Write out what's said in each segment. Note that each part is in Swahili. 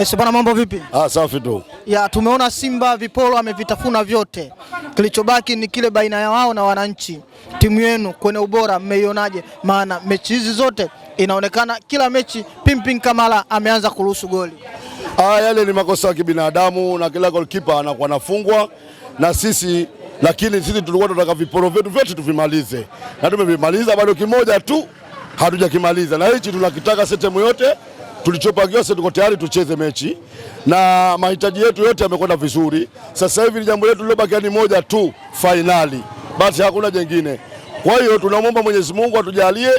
Eh, bwana mambo vipi? Ah, safi tu. Ya, tumeona Simba viporo amevitafuna vyote, kilichobaki ni kile baina ya wao na wananchi. Timu yenu kwenye ubora mmeionaje? Maana mechi hizi zote inaonekana kila mechi pimping Kamala ameanza kuruhusu goli. Ah, yale ni makosa ya kibinadamu na kila goalkeeper anakuwa nafungwa na sisi, lakini sisi tulikuwa tunataka viporo vyetu vyote tuvimalize na tumevimaliza, bado kimoja tu hatujakimaliza, na hichi tunakitaka sehemu yote tulichopangiwa sisi tuko tayari tucheze mechi na mahitaji yetu yote yamekwenda vizuri. Sasa hivi jambo letu lilobakia ni moja tu, fainali, basi hakuna jengine. Kwa hiyo tunamwomba Mwenyezi Mungu atujalie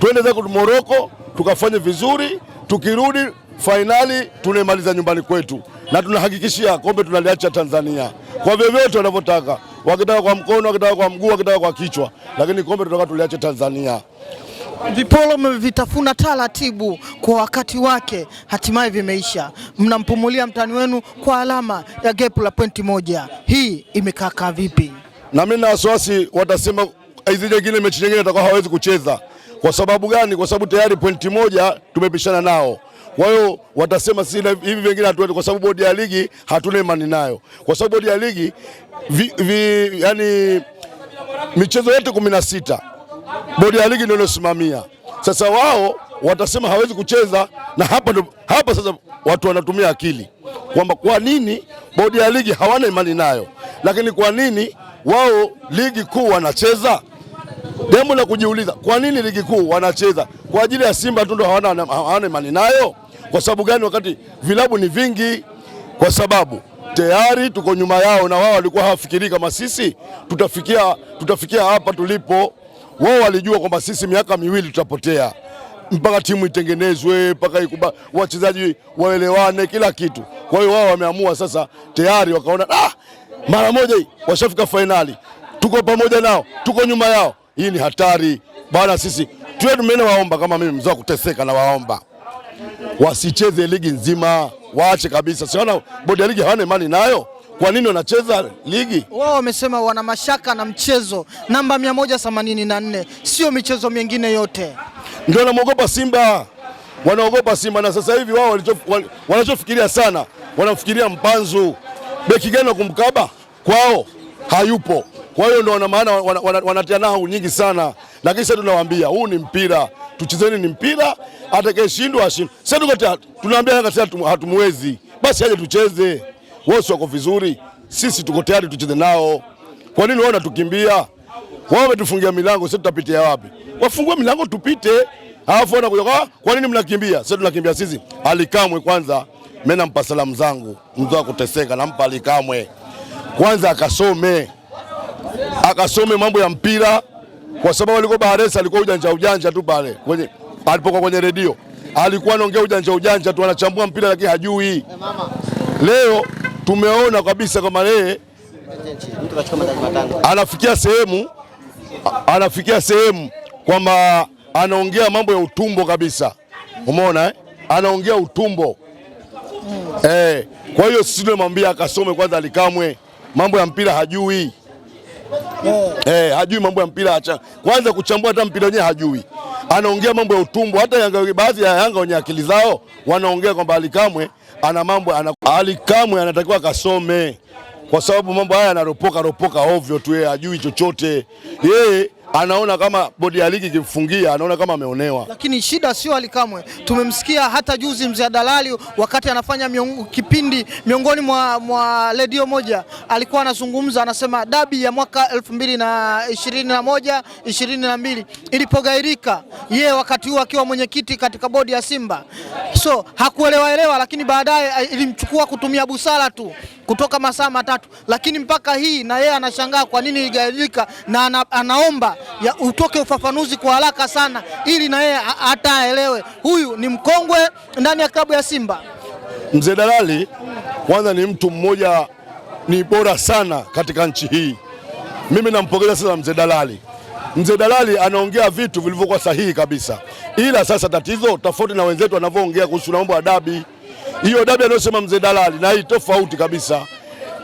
twende zako Moroko tukafanye vizuri, tukirudi fainali tunaimaliza nyumbani kwetu, na tunahakikishia kombe tunaliacha Tanzania kwa vyovyote wanavyotaka, wakitaka kwa mkono, wakitaka kwa mguu, wakitaka kwa kichwa, lakini kombe tunataka tuliache Tanzania. Viporo vitafuna taratibu kwa wakati wake, hatimaye vimeisha. Mnampumulia mtani wenu kwa alama ya gepu la pointi moja. Hii imekaa vipi? Na mimi na wasiwasi, watasema eh, hizi nyingine, mechi nyingine atakuwa hawezi kucheza. Kwa sababu gani? Kwa sababu tayari pointi moja tumepishana nao kwa hiyo watasema si hivi vingine hatuwezi, kwa sababu bodi ya ligi hatuna imani nayo, kwa sababu bodi ya ligi vi, vi, yani michezo yote kumi na sita bodi ya ligi ndio inasimamia. Sasa wao watasema hawezi kucheza, na hapa hapa sasa watu wanatumia akili kwamba kwa nini bodi ya ligi hawana imani nayo, lakini kwa nini wao ligi kuu wanacheza? Jambo la kujiuliza, kwa nini ligi kuu wanacheza? Kwa ajili ya Simba tu ndo hawana, hawana imani nayo? Kwa sababu gani? Wakati vilabu ni vingi, kwa sababu tayari tuko nyuma yao, na wao walikuwa hawafikiri kama sisi tutafikia, tutafikia hapa tulipo wao walijua kwamba sisi miaka miwili tutapotea mpaka timu itengenezwe mpaka ikuba wachezaji waelewane kila kitu. Kwa hiyo wao wameamua sasa, tayari wakaona ah, mara moja hii washafika fainali, tuko pamoja nao, tuko nyuma yao. Hii ni hatari bana. Sisi tuwe tumeenda, waomba kama mimi mzee kuteseka, na waomba wasicheze ligi nzima, waache kabisa. Siona bodi ya ligi hawana imani nayo. Kwa nini wanacheza ligi? Wao wamesema wana mashaka na mchezo namba 184, sio michezo mingine yote. Ndio wanamwogopa Simba, wanaogopa Simba. Na sasa hivi wao wanachofikiria sana, wanamfikiria Mpanzu, beki gani wa kumkaba kwao, hayupo. Kwa hiyo ndio wana maana wanatia nahau nyingi sana, lakini sasa tunawaambia huu ni mpira, tuchezeni ni mpira, atakayeshindwa ashindwe. Sasa tunaambia Yanga sasa hatumwezi, basi aje tucheze wote wako vizuri, sisi tuko tayari tucheze nao. Kwa nini wao wanatukimbia? Wao wametufungia milango, sisi tutapitia wapi? Wafungue milango tupite, alafu wanakuja kwa ah, kwa nini mnakimbia? Sisi tunakimbia sisi? Alikamwe kwanza, mimi nampa salamu zangu, wa kuteseka, nampa Alikamwe kwanza akasome, akasome mambo ya mpira, kwa sababu aliko Baharesa, alikuwa ujanja ujanja tu pale kwenye alipokuwa kwenye redio alikuwa anaongea ujanja ujanja tu, anachambua mpira lakini hajui. Leo tumeona kabisa kama yeye anafikia sehemu anafikia sehemu kwamba anaongea mambo ya utumbo kabisa, umeona eh? Anaongea utumbo hmm. Eh, kwa hiyo sisi tumemwambia akasome kwanza, alikamwe mambo ya mpira hajui hmm. Eh, hajui mambo ya mpira acha kwanza kuchambua hata mpira wenyewe hajui, anaongea mambo ya utumbo. Hata baadhi ya Yanga wenye akili zao wanaongea kwamba alikamwe ana mambo ana... Ali kamwe anatakiwa kasome kwa sababu mambo haya yanaropoka ropoka ovyo tu, yeye ajui chochote yeye anaona kama bodi ya ligi ikimfungia anaona kama ameonewa, lakini shida sio Alikamwe. Tumemsikia hata juzi mzee Dalali wakati anafanya miong, kipindi miongoni mwa, mwa redio moja alikuwa anazungumza anasema dabi ya mwaka elfu mbili na ishirini na moja ishirini na mbili ilipogairika ye wakati huo akiwa mwenyekiti katika bodi ya Simba, so hakuelewaelewa, lakini baadaye eh, ilimchukua kutumia busara tu kutoka masaa matatu, lakini mpaka hii na yeye anashangaa kwa nini igailika na ana, anaomba ya utoke ufafanuzi kwa haraka sana, ili na yeye hata aelewe huyu ni mkongwe ndani ya klabu ya Simba. Mzee Dalali kwanza ni mtu mmoja ni bora sana katika nchi hii. Mimi nampongeza sana mzee Dalali. Mzee Dalali anaongea vitu vilivyokuwa sahihi kabisa, ila sasa tatizo tofauti na wenzetu wanavyoongea kuhusu, naomba adabi hiyo dabi anayosema mzee Dalali na hii tofauti kabisa.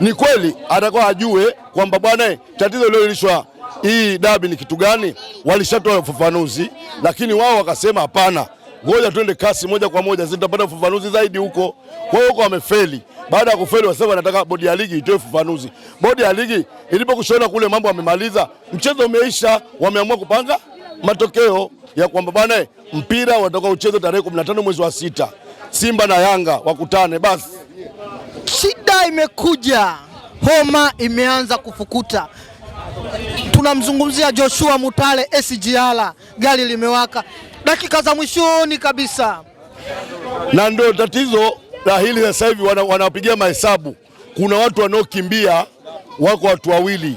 Ni kweli atakuwa ajue kwamba bwana, tatizo lililoilishwa hii dabi ni kitu gani. Walishatoa ufafanuzi, lakini wao wakasema hapana, ngoja tuende kasi moja kwa moja, zitapata ufafanuzi zaidi huko. Kwa hiyo huko wamefeli. Baada ya kufeli, wasema wanataka bodi ya ligi itoe ufafanuzi. Bodi ya ligi ilipokushona kule mambo yamemaliza, mchezo umeisha, wameamua kupanga matokeo ya kwamba bwana, mpira watakao uchezo tarehe 15 mwezi wa sita. Simba na Yanga wakutane basi. Shida imekuja, homa imeanza kufukuta. Tunamzungumzia Joshua Mutale SGR, gari limewaka dakika za mwishoni kabisa, na ndio tatizo la hili sasa hivi. Wanapigia mahesabu, kuna watu wanaokimbia, wako watu wawili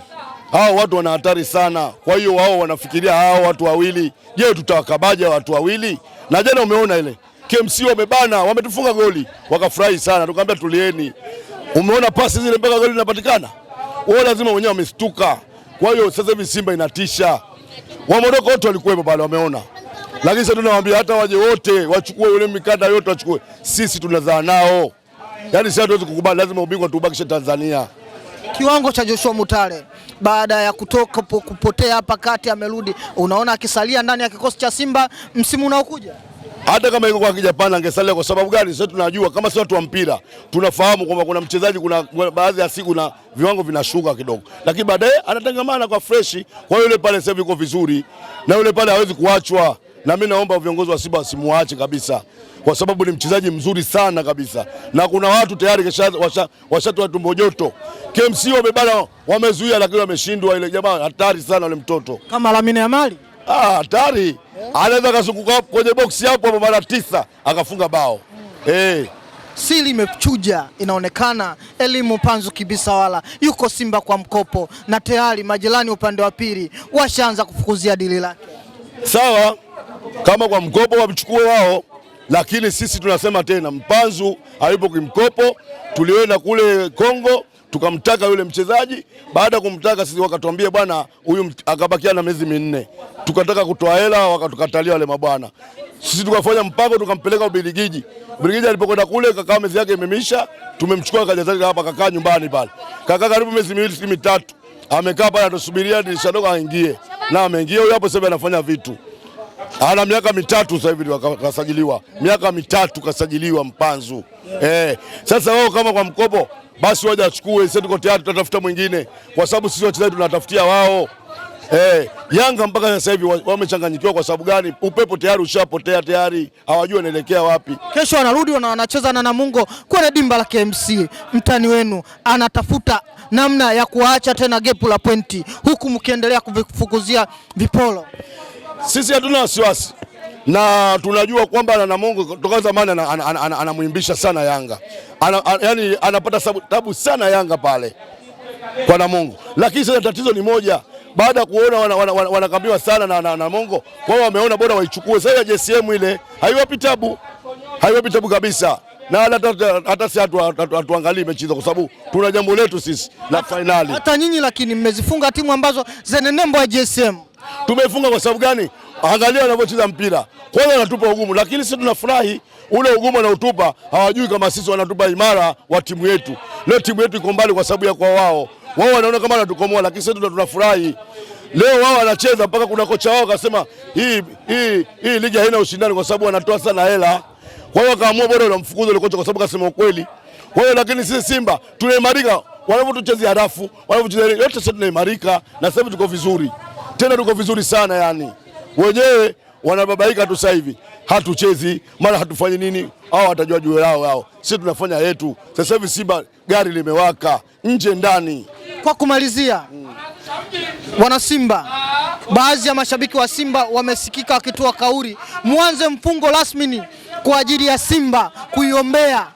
hao watu wana hatari sana. Kwa hiyo wao wanafikiria hao watu wawili, je, tutawakabaja watu wawili? Na jana umeona ile KMC wamebana, wametufunga goli, wakafurahi sana, tukamwambia tulieni. Umeona pasi zile mpaka goli linapatikana, wao lazima wenyewe wamestuka. Kwa hiyo sasa hivi Simba inatisha, wamodoko wote walikuwepo pale, wameona lakini sasa tunawaambia hata waje wote wachukue ule mikanda yote wachukue, sisi tunazaa nao. Yaani sasa tuweze kukubali, lazima ubingwa tubakishe Tanzania. Kiwango cha Joshua Mutale baada ya kutoka kupotea hapa kati amerudi, unaona akisalia ndani ya kikosi cha Simba msimu unaokuja. Hata kama iko kwa Kijapani angesalia. Kwa sababu gani? Sasa tunajua kama sio watu wa mpira tunafahamu kwamba kuna mchezaji, kuna baadhi ya siku na viwango vinashuka kidogo, lakini baadaye anatangamana kwa fresh. Kwa yule pale sasa yuko vizuri, na yule pale hawezi kuachwa, na mimi naomba viongozi wa Simba wasimuache kabisa, kwa sababu ni mchezaji mzuri sana kabisa, na kuna watu tayari washatoa washa tumbo joto. KMC wamebana, wamezuia, lakini wameshindwa. Ile jamaa hatari sana, yule mtoto kama Lamine Yamal hatari ah, yeah. Anaweza akazunguka kwenye boksi hapo hapo mara tisa akafunga bao mm. hey. Eh. Siri imechuja inaonekana, elimu panzu kibisa wala yuko Simba kwa mkopo, na tayari majirani upande wa pili washaanza kufukuzia dili lake. Sawa, kama kwa mkopo wamchukue wao, lakini sisi tunasema tena, mpanzu hayupo kimkopo. Tulienda kule Kongo tukamtaka yule mchezaji. Baada ya kumtaka sisi wakatuambia bwana, huyu akabakia na miezi minne. Tukataka kutoa hela, wakatukatalia wale mabwana. Sisi tukafanya mpango, tukampeleka Ubelgiji. Ubelgiji alipokwenda kule, kakaa miezi yake imemisha, tumemchukua kaja zake hapa, kakaa nyumbani pale, kakaa karibu miezi miwili si mitatu, amekaa pale, anasubiria dirisha dogo aingie, na ameingia huyo hapo. Sasa anafanya vitu ana miaka mitatu sasa hivi kasajiliwa, miaka mitatu kasajiliwa Mpanzu. Eh, sasa wao kama kwa mkopo basi waje achukue. Sisi tuko tayari, tutatafuta mwingine, kwa sababu sisi wachezaji tunatafutia wao. Eh, Yanga mpaka sasa hivi wamechanganyikiwa. Kwa sababu gani? Upepo tayari ushapotea tayari, hawajui wanaelekea wapi. Kesho wanarudi wanacheza na Namungo kwenye dimba la KMC. Mtani wenu anatafuta namna ya kuacha tena gepu la pointi, huku mkiendelea kuvifukuzia viporo. Sisi hatuna wasiwasi na tunajua kwamba Namungo toka zamani anamwimbisha sana Yanga ana, an, yani anapata tabu sana Yanga pale kwa Namungo, lakini sasa tatizo ni moja baada ya kuona wanakambiwa wana, wana wana sana na, na, Namungo kwao wameona bora waichukue sasa. JCM ile haiwapi tabu, haiwapi tabu kabisa, na hata si hatuangalii mechi hizo, kwa sababu tuna jambo letu sisi la fainali. Hata nyinyi lakini mmezifunga timu ambazo zina nembo ya JCM. Tumefunga kwa sababu gani? Angalia wanavyocheza mpira, kwanza wanatupa ugumu, lakini sisi tunafurahi ule ugumu wanaotupa. Hawajui kama sisi wanatupa imara wa timu yetu. Leo timu yetu iko mbali kwa sababu ya kwa wao, wao wanaona kama wanatukomoa, lakini sisi tunafurahi leo wao wanacheza mpaka kuna kocha wao akasema hii hii hii ligi haina ushindani kwa sababu wanatoa sana hela. Kwa hiyo akaamua bora unamfukuza ile kocha kwa sababu akasema ukweli. Kwa hiyo lakini sisi Simba tunaimarika wanavyotuchezea rafu, wanavyochezea yote sisi tunaimarika na sasa tuko vizuri. Tena tuko vizuri sana yani wenyewe wanababaika tu sasa hivi, hatuchezi mara hatufanyi nini, au watajua juu lao yao, si tunafanya yetu. Sasa hivi Simba gari limewaka nje ndani. Kwa kumalizia, wana Simba, baadhi ya mashabiki wa Simba wamesikika wakitoa kauli, mwanze mfungo rasmi kwa ajili ya Simba kuiombea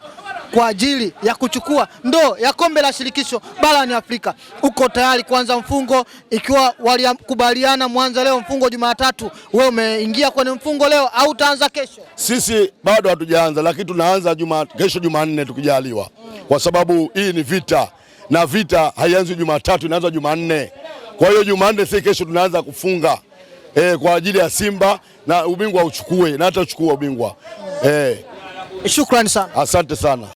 kwa ajili ya kuchukua ndoo ya kombe la shirikisho barani Afrika. Uko tayari kuanza mfungo? Ikiwa walikubaliana mwanza leo mfungo Jumatatu, wewe umeingia kwenye mfungo leo au utaanza kesho? Sisi bado hatujaanza, lakini tunaanza juma, kesho Jumanne tukijaliwa, mm. kwa sababu hii ni vita na vita haianzi Jumatatu, inaanza Jumanne. Kwa hiyo Jumanne si kesho, tunaanza kufunga e, kwa ajili ya Simba na ubingwa uchukue na hata uchukua ubingwa e. Shukrani sana, asante sana.